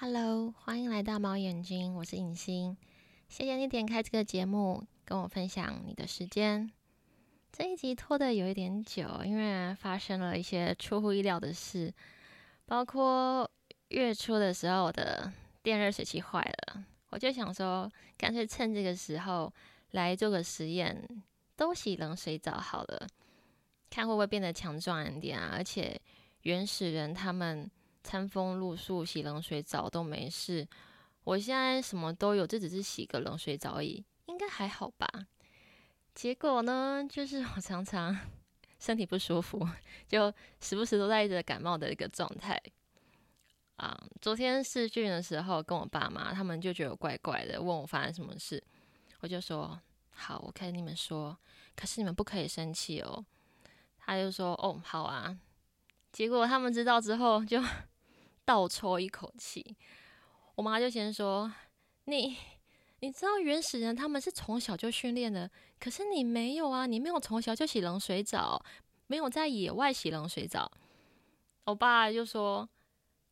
Hello，歡迎來到貓眼睛，我是影星。謝謝你點開這個節目，跟我分享你的時間。這一集拖得有一點久，因為發生了一些出乎意料的事，包括月初的時候我的電熱水器壞了，我就想說，乾脆趁這個時候來做個實驗，都洗冷水澡好了，看會不會變得強壯一點啊！而且原始人他們。餐風露宿、洗冷水澡都沒事，我現在什麼都有，這只是洗個冷水澡而已，應該還好吧？結果呢，就是我常常身體不舒服，就時不時都在一直感冒的一個狀態。啊、嗯，昨天視訊的時候，跟我爸媽，他們就覺得我怪怪的，問我發生什麼事，我就說：好，我跟你們說，可是你們不可以生氣哦。他就說：哦，好啊。結果他們知道之後就。倒抽一口氣，我媽就先說：“你，你知道原始人他們是從小就訓練的，可是你沒有啊，你沒有從小就洗冷水澡，沒有在野外洗冷水澡。”我爸就說：“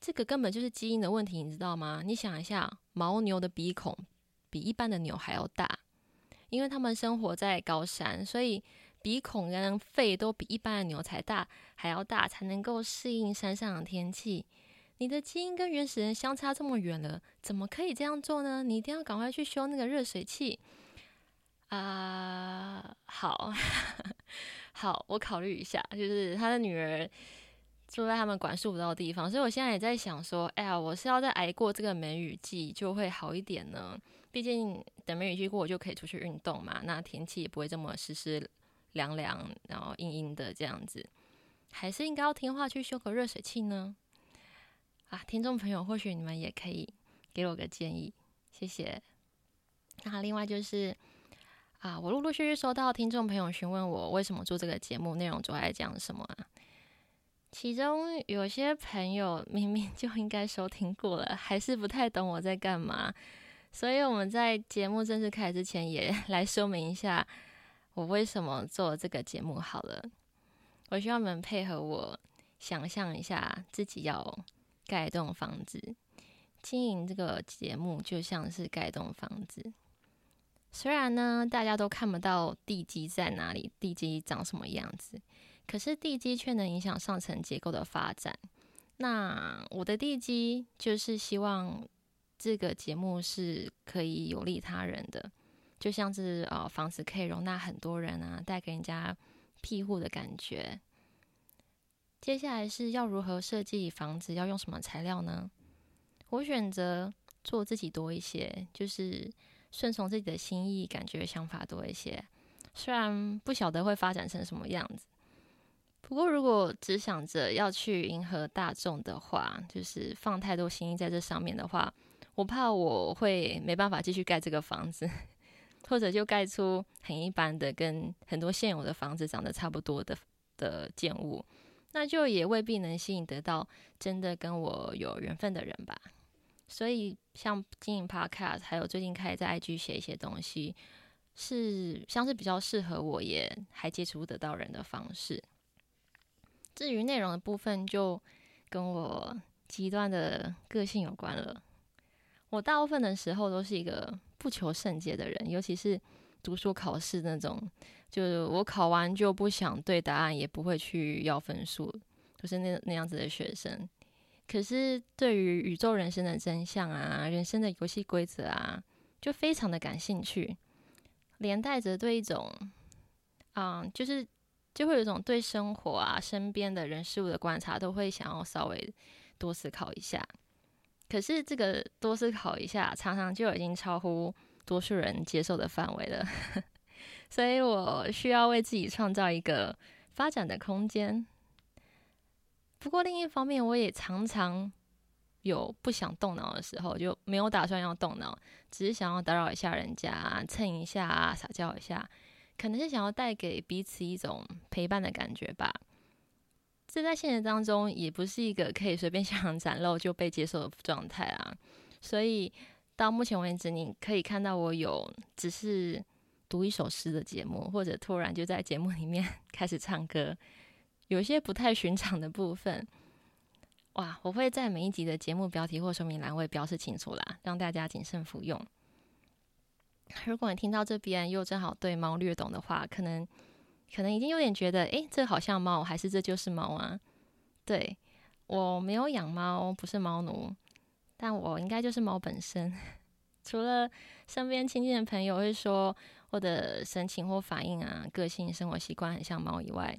這個根本就是基因的問題，你知道嗎？你想一下，犛牛的鼻孔比一般的牛還要大，因為他們生活在高山，所以鼻孔跟肺都比一般的牛才大還要大，才能夠適應山上的天氣。”你的基因跟原始人相差這麼遠了，怎麼可以這樣做呢？你一定要趕快去修那個熱水器。啊、uh，好 好，我考慮一下。就是他的女兒住在他們管束不到的地方，所以我現在也在想說，哎呀，我是要再挨過這個梅雨季就會好一點呢。畢竟等梅雨季過，我就可以出去運動嘛，那天氣也不會這麼濕濕涼涼，然後陰陰的這樣子。還是應該要聽話去修個熱水器呢？聽眾朋友，或許你們也可以給我個建議，謝謝。那另外就是，啊，我陸陸續續收到聽眾朋友詢問我為什麼做這個節目，內容主要講什麼啊。其中有些朋友明明就應該收聽過了，還是不太懂我在幹嘛。所以我們在節目正式開始之前，也來說明一下我為什麼做這個節目好了。我希望你們配合我，想象一下自己要。蓋一棟房子，經營這個節目就像是蓋一棟房子。雖然呢，大家都看不到地基在哪裡，地基長什麼樣子，可是地基卻能影響上層結構的發展。那我的地基就是希望這個節目是可以有利他人的，就像是呃、哦，房子可以容納很多人啊，帶給人家庇護的感覺。接下來是要如何設計房子，要用什麼材料呢？我選擇做自己多一些，就是順從自己的心意，感覺想法多一些。雖然不曉得會發展成什麼樣子，不過如果只想着要去迎合大眾的話，就是放太多心意在這上面的話，我怕我會沒辦法繼續蓋這個房子，或者就蓋出很一般的，跟很多現有的房子長得差不多的的建物。那就也未必能吸引得到真的跟我有緣分的人吧。所以，像經營 Podcast，還有最近開始在 IG 寫一些東西，是像是比較適合我也還接觸得到人的方式。至於內容的部分，就跟我極端的個性有關了。我大部分的時候都是一個不求甚解的人，尤其是。讀書考試那種，就是我考完就不想對答案，也不會去要分數，就是那那樣子的學生。可是對於宇宙人生的真相啊，人生的遊戲規則啊，就非常的感興趣，連帶着對一種，啊、嗯，就是就會有一種對生活啊、身邊的人事物的觀察，都會想要稍微多思考一下。可是這個多思考一下，常常就已經超乎。多數人接受的範圍了呵呵，所以我需要為自己創造一個發展的空間。不過另一方面，我也常常有不想動腦的時候，就沒有打算要動腦，只是想要打擾一下人家，蹭一下、啊，撒嬌一下，可能是想要帶給彼此一種陪伴的感覺吧。這在現實當中也不是一個可以隨便想展露就被接受的狀態啊，所以。到目前為止，你可以看到我有只是讀一首詩的節目，或者突然就在節目裡面開始唱歌，有一些不太尋常的部分。哇，我會在每一集的節目標題或說明欄位標示清楚啦，讓大家謹慎服用。如果你聽到這邊又正好對貓略懂的話，可能可能已經有點覺得，誒、欸，這好像貓，還是這就是貓啊？對，我沒有養貓，不是貓奴。但我應該就是貓本身，除了身邊親近的朋友會說我的神情或反應啊、個性、生活習慣很像貓以外，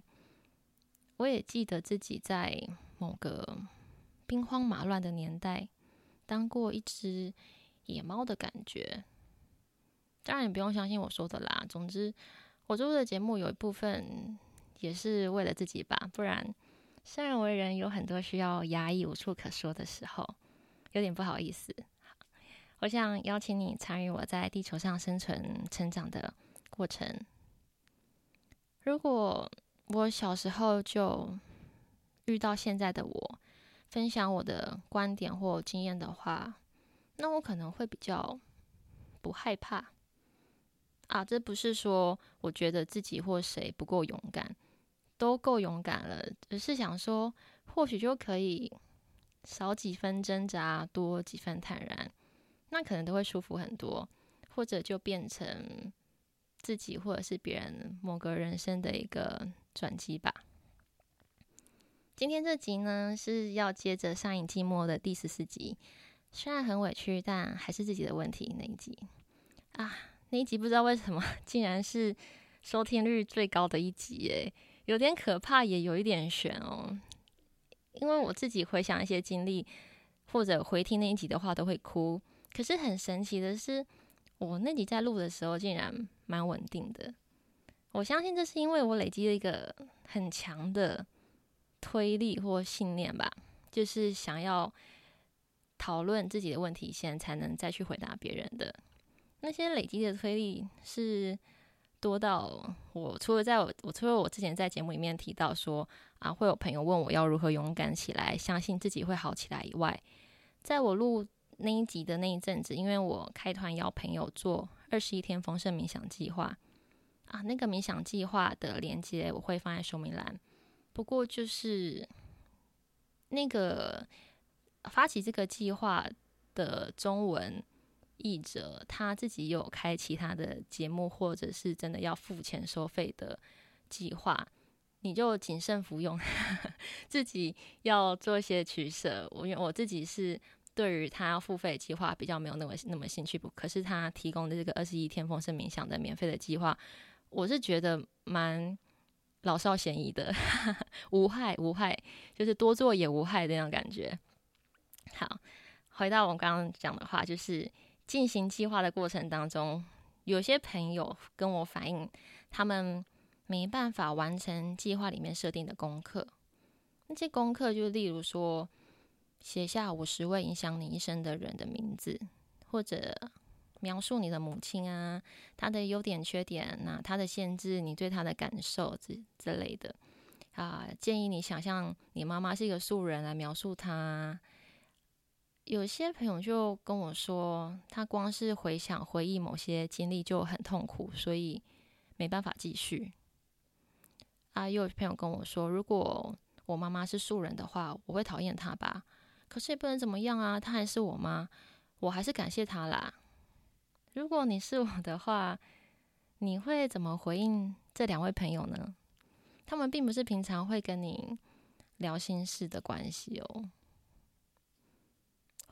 我也記得自己在某個兵荒馬亂的年代當過一隻野貓的感覺。當然，你不用相信我說的啦。總之，我做的節目有一部分也是為了自己吧，不然，生而為人有很多需要壓抑、無處可說的時候。有點不好意思，好，我想邀請你參與我在地球上生存、成長的過程。如果我小時候就遇到現在的我，分享我的觀點或經驗的話，那我可能會比較不害怕。啊，這不是說我覺得自己或誰不夠勇敢，都夠勇敢了，只是想說，或許就可以。少幾分掙扎，多幾分坦然，那可能都會舒服很多，或者就變成自己或者是別人某個人生的一個轉機吧。今天這集呢，是要接着上一季末的第十四集，雖然很委屈，但還是自己的問題那一集啊，那一集不知道為什麼竟然是收聽率最高的一集哎，有點可怕，也有一點玄哦、喔。因為我自己回想一些經歷，或者回聽那一集的話都會哭。可是很神奇的是，我那集在錄的時候竟然蠻穩定的。我相信這是因為我累積了一個很強的推力或信念吧，就是想要討論自己的問題先，先才能再去回答別人的。那些累積的推力是，多到我除了在我我除了我之前在節目裡面提到說啊，會有朋友問我要如何勇敢起來，相信自己會好起來以外，在我錄那一集的那一陣子，因為我開團邀朋友做二十一天豐盛冥想計劃啊，那個冥想計劃的鏈接我會放在說明欄。不過就是那個發起這個計劃的中文。譯者他自己有開其他的節目，或者是真的要付錢收費的計劃，你就謹慎服用，自己要做一些取捨。我因為我自己是對於他付費計劃比較沒有那麼那麼興趣，可是他提供的這個二十一天豐盛冥想的免費的計劃，我是覺得蠻老少咸宜的，無害無害，就是多做也無害的那種感覺。好，回到我們剛剛講的話，就是。進行計劃的過程當中，有些朋友跟我反映，他們沒辦法完成計劃裡面設定的功課。那這功課就例如說，寫下五十位影響你一生的人的名字，或者描述你的母親啊，他的優點、缺點啊，那他的限制，你對他的感受之之類的。啊，建議你想象你媽媽是一個素人來描述他。有些朋友就跟我說，他光是回想回憶某些經歷就很痛苦，所以沒辦法繼續。啊，又有朋友跟我說，如果我媽媽是素人的話，我會討厭她吧？可是也不能怎麼樣啊，她還是我媽，我還是感謝她啦。如果你是我的話，你會怎麼回應這兩位朋友呢？他們並不是平常會跟你聊心事的關係哦。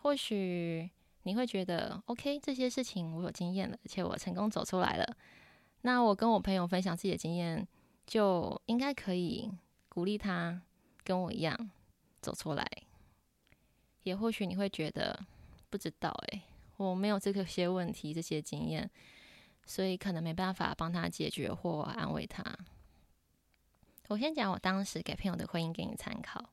或許你會覺得，OK，這些事情我有經驗了，而且我成功走出來了。那我跟我朋友分享自己的經驗，就應該可以鼓勵他跟我一樣走出來。也或許你會覺得不知道、欸，哎，我沒有這些問題、這些經驗，所以可能沒辦法幫他解決或安慰他。我先講我當時給朋友的回應，給你參考。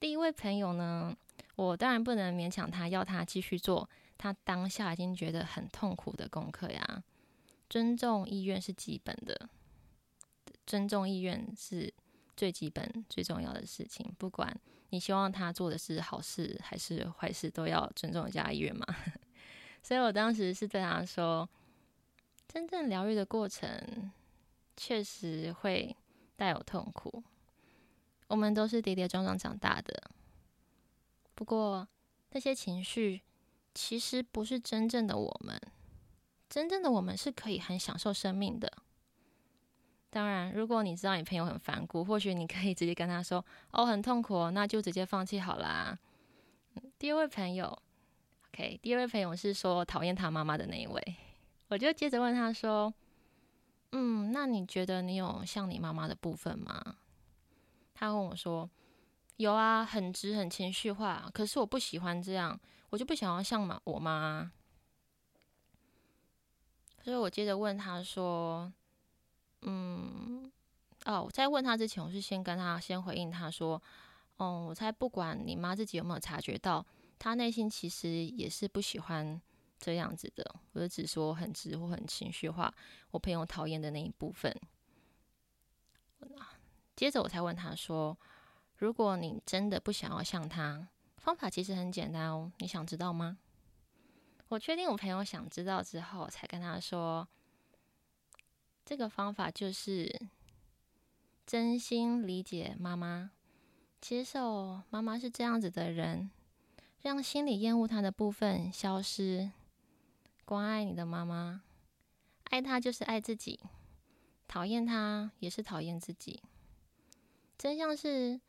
第一位朋友呢？我當然不能勉強他，要他繼續做他當下已經覺得很痛苦的功課呀。尊重意願是基本的，尊重意願是最基本最重要的事情。不管你希望他做的是好事還是壞事，都要尊重一下意願嘛。 所以我當時是對他說：“真正療癒的過程確實會帶有痛苦，我們都是跌跌撞撞長大的。”不過，那些情緒其實不是真正的我們。真正的我們是可以很享受生命的。當然，如果你知道你朋友很反骨，或許你可以直接跟他說：“哦，很痛苦哦，那就直接放棄好啦。”嗯，第二位朋友，OK，第二位朋友是說討厭他媽媽的那一位，我就接着問他說：“嗯，那你覺得你有像你媽媽的部分嗎？”他跟我說。有啊，很直，很情緒化。可是我不喜歡這樣，我就不想要像嘛我媽。所以我接着問他說：“嗯，哦，我在問他之前，我是先跟他先回應他說，嗯，我才不管你媽自己有沒有察覺到，他內心其實也是不喜歡這樣子的。我就只說很直或很情緒化，我朋友討厭的那一部分。接着我才問他說。”如果你真的不想要像他，方法其實很簡單哦。你想知道嗎？我確定我朋友想知道之後，才跟他說，這個方法就是真心理解媽媽，接受媽媽是這樣子的人，讓心裡厭惡他的部分消失，關愛你的媽媽，愛他就是愛自己，討厭他也是討厭自己。真相是。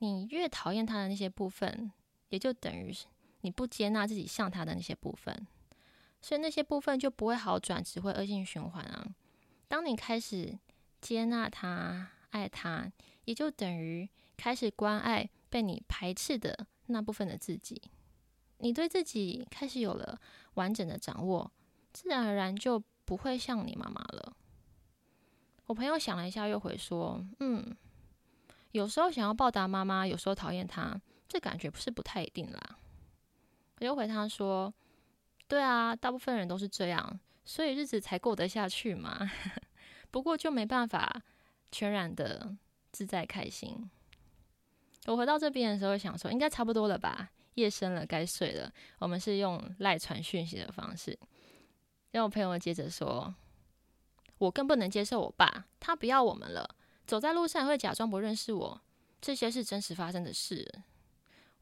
你越討厭他的那些部分，也就等於你不接納自己像他的那些部分，所以那些部分就不會好轉，只會惡性循環啊。當你開始接納他、愛他，也就等於開始關愛被你排斥的那部分的自己。你對自己開始有了完整的掌握，自然而然就不會像你媽媽了。我朋友想了一下，又回說：“嗯。”有時候想要報答媽媽，有時候討厭她，這感覺不是不太一定啦。我又回她說：“對啊，大部分人都是這樣，所以日子才過得下去嘛。 不過就沒辦法全然的自在開心。”我回到這邊的時候想說，應該差不多了吧？夜深了，該睡了。我們是用賴傳訊息的方式，然後我朋友接着說：“我更不能接受我爸，他不要我們了。”走在路上會假裝不認識我，這些是真實發生的事。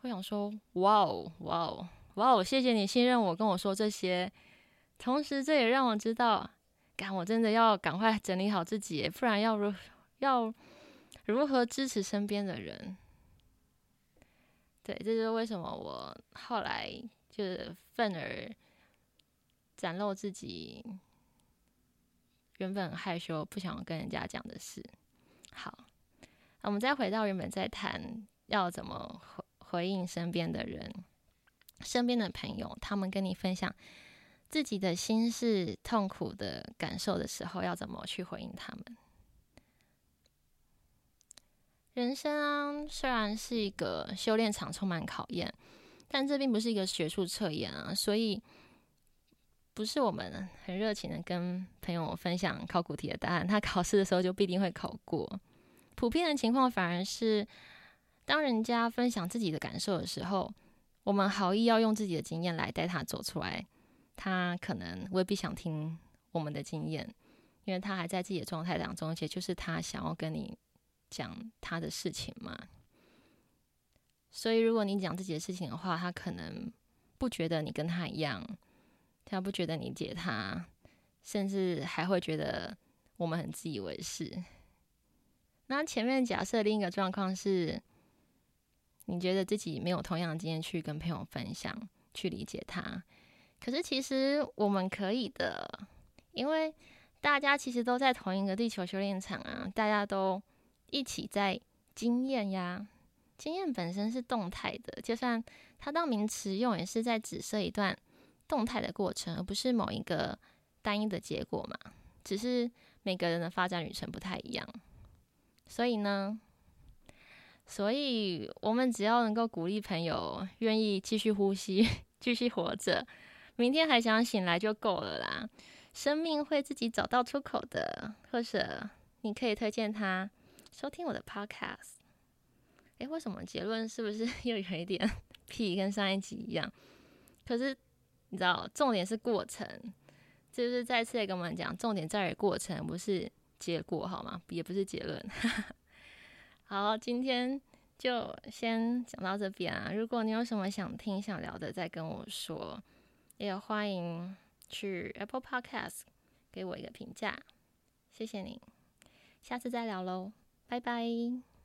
我想說，哇哦，哇哦，哇哦，謝謝你信任我，跟我說這些。同時，這也讓我知道，幹我真的要趕快整理好自己，不然要如要,要如何支持身邊的人？對，這就是為什麼我後來就是憤而展露自己原本很害羞，不想跟人家講的事。好，我們再回到原本在談要怎麼回回應身邊的人，身邊的朋友，他們跟你分享自己的心事、痛苦的感受的時候，要怎麼去回應他們？人生啊，雖然是一個修煉場，充滿考驗，但這並不是一個學術測驗啊，所以。不是我們很熱情的跟朋友分享考古題的答案，他考試的時候就必定會考過。普遍的情況反而是，當人家分享自己的感受的時候，我們好意要用自己的經驗來帶他走出來，他可能未必想聽我們的經驗，因為他還在自己的狀態當中，而且就是他想要跟你講他的事情嘛。所以如果你講自己的事情的話，他可能不覺得你跟他一樣。他不覺得理解他，甚至還會覺得我們很自以為是。那前面假設另一個狀況是，你覺得自己沒有同樣的經驗去跟朋友分享、去理解他。可是其實我們可以的，因為大家其實都在同一個地球修煉場啊，大家都一起在經驗呀。經驗本身是動態的，就算它當名詞用，也是在指涉一段動態的過程，而不是某一個單一的結果嘛。只是每個人的發展旅程不太一樣，所以呢，所以我們只要能夠鼓勵朋友願意繼續呼吸、繼續活着，明天還想醒來就夠了啦。生命會自己找到出口的，或者你可以推薦他收聽我的 podcast。哎，為什麼結論是不是又有一點屁，跟上一集一樣？可是。你知道，重點是過程，就是再次也跟我們講，重點在於過程，不是結果，好嗎？也不是結論。好，今天就先講到這邊啊。如果你有什麼想聽、想聊的，再跟我說，也歡迎去 Apple Podcast 給我一個評價，謝謝你。下次再聊嘍，拜拜。